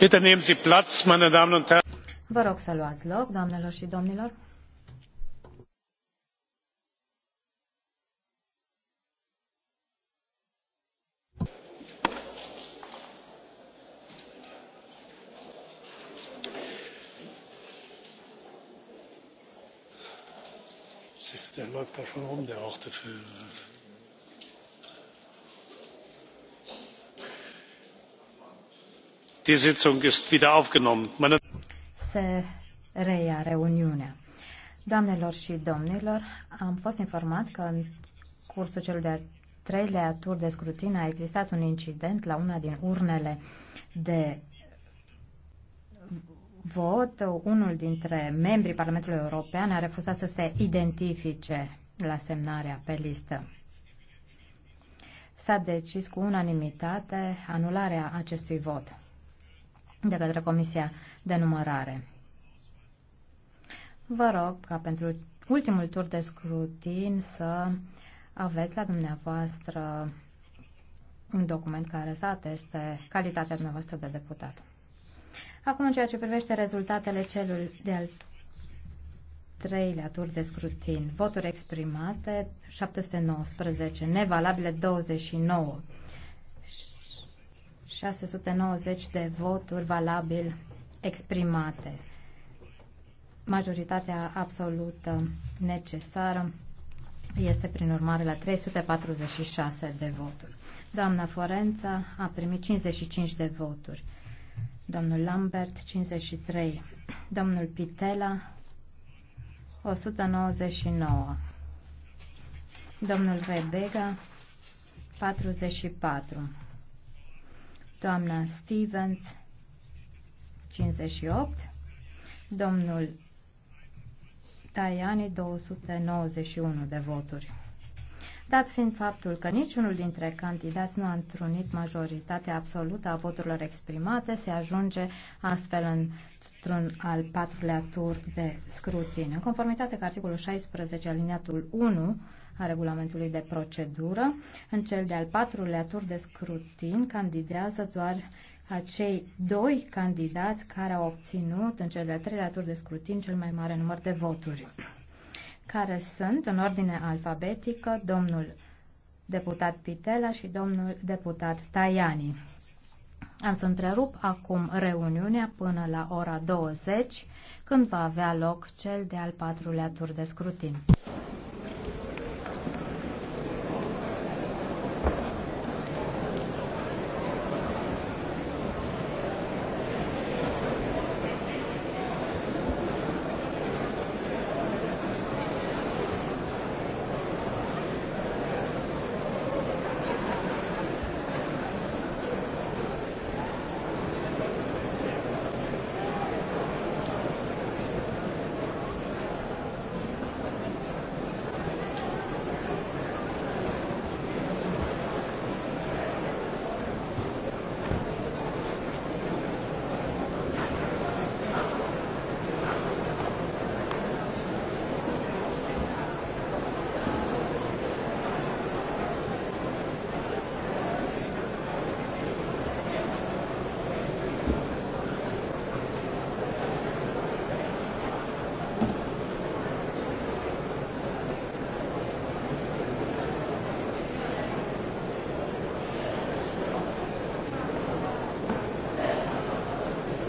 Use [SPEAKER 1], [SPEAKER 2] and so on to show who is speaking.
[SPEAKER 1] Bitte nehmen Sie Platz, meine Damen und Herren. Vă rog să luați loc, doamnelor și domnilor. der läuft da schon rum, der Se reia reuniunea. Doamnelor și domnilor, am fost informat că în cursul celui de-al treilea tur de scrutin a existat un incident la una din urnele de vot. Unul dintre membrii Parlamentului European a refuzat să se identifice la semnarea pe listă. S-a decis cu unanimitate anularea acestui vot de către Comisia de Numărare. Vă rog ca pentru ultimul tur de scrutin să aveți la dumneavoastră un document care să ateste calitatea dumneavoastră de deputat. Acum, în ceea ce privește rezultatele celul de-al treilea tur de scrutin, voturi exprimate 719, nevalabile 29. 690 de voturi valabil exprimate. Majoritatea absolută necesară este prin urmare la 346 de voturi. Doamna Forența a primit 55 de voturi. Domnul Lambert 53. Domnul Pitela 199. Domnul Rebega 44 doamna Stevens 58, domnul Tajani 291 de voturi dat fiind faptul că niciunul dintre candidați nu a întrunit majoritatea absolută a voturilor exprimate, se ajunge astfel într-un al patrulea tur de scrutin. În conformitate cu articolul 16, aliniatul 1 a regulamentului de procedură, în cel de-al patrulea tur de scrutin candidează doar acei doi candidați care au obținut în cel de-al treilea tur de scrutin cel mai mare număr de voturi care sunt, în ordine alfabetică, domnul deputat Pitela și domnul deputat Tajani. Am să întrerup acum reuniunea până la ora 20, când va avea loc cel de-al patrulea tur de scrutin.